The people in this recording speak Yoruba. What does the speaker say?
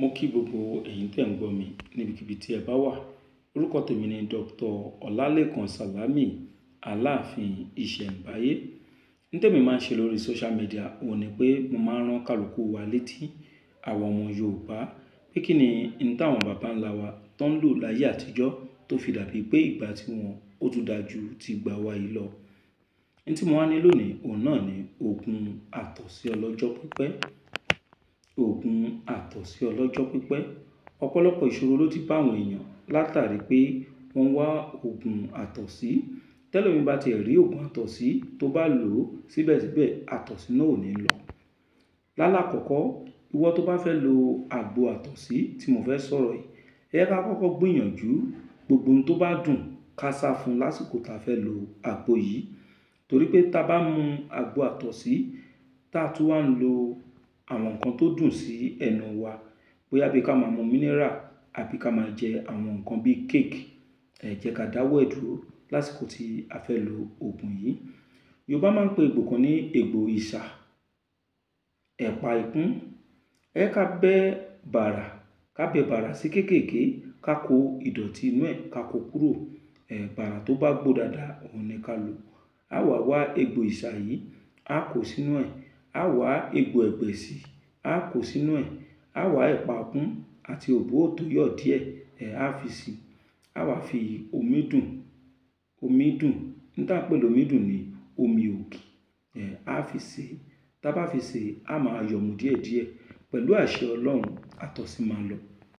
mo kí gbogbo ẹ̀yin tẹ̀ ń gbọ́ mi níbikíbi tí ẹ bá wà orúkọ tèmi ni dr ọlálẹ́kan salami aláàfin ìṣẹ̀ǹbáyé ní máa ń ṣe lórí social media òun ni pé mo máa ń rán kálukú wa létí àwọn ọmọ yorùbá pé kí ni n táwọn baba ńlá wa tó ń lò láyé àtijọ́ tó fi dàbí pé ìgbà tí wọn ó tún dáa ju ti gbà wá yìí lọ ní tí mo wá ní lónìí òun náà ni oògùn àtọ̀sí ọlọ́jọ́ pípẹ́ oògùn àtọ̀sí ọlọ́jọ́ pípẹ́ ọ̀pọ̀lọpọ̀ ìṣòro ló ti bá àwọn èèyàn látàrí pé wọ́n wá oògùn àtọ̀sí tẹ́lómi bá ti rí oògùn àtọ̀sí tó bá lò ó síbẹ̀síbẹ̀ àtọ̀sí náà ò ní lọ. lálàkọ́kọ́ ìwọ tó bá fẹ́ lo àgbo àtọ̀sí tí mo fẹ́ sọ̀rọ̀ yìí ẹ ká kọ́kọ́ gbìyànjú gbogbo ohun tó bá dùn ká sá fún lásìkò tá a fẹ́ lo àgbo yìí torí pé tá bá mu àgbo àtọ̀sí tá a tún wá ń lo àwọn nǹkan tó dùn sí ẹnu wa bóyá bí ká máa mu mineral àbí ká máa jẹ àwọn nǹkan bí cake ẹ jẹ́ ká dáwọ́ ẹ̀ dúró lásìkò tí a fẹ́ lo oògùn yìí. Yorùbá máa ń pe egbò kan ní egbò ìṣà, ẹ̀pà ìkún. Ẹ ká bẹ́ bàrà, ká bẹ bàrà sí kéékèèké, ká ko ìdọ̀tí inú ẹ̀ ká ko kúrò. Ẹ̀ bàrà tó bá gbó dáadáa, òun ni ká lò. A wà wá egbò ìṣà yìí, a kó sínú ẹ̀, a wá egbò ẹ̀gbẹ́ sí, á kó sínú ẹ̀, á wá ẹ̀pà àti òbóò tó yọ̀ díẹ̀, ẹ̀ á fi si i. fi omi dùn, omi dùn. N ni omi ògì, ẹ̀ á fi sè é. bá fi sè a máa yọ̀ díẹ̀díẹ̀. Pẹ̀lú àṣẹ Ọlọ́run, àtọ̀sí lọ.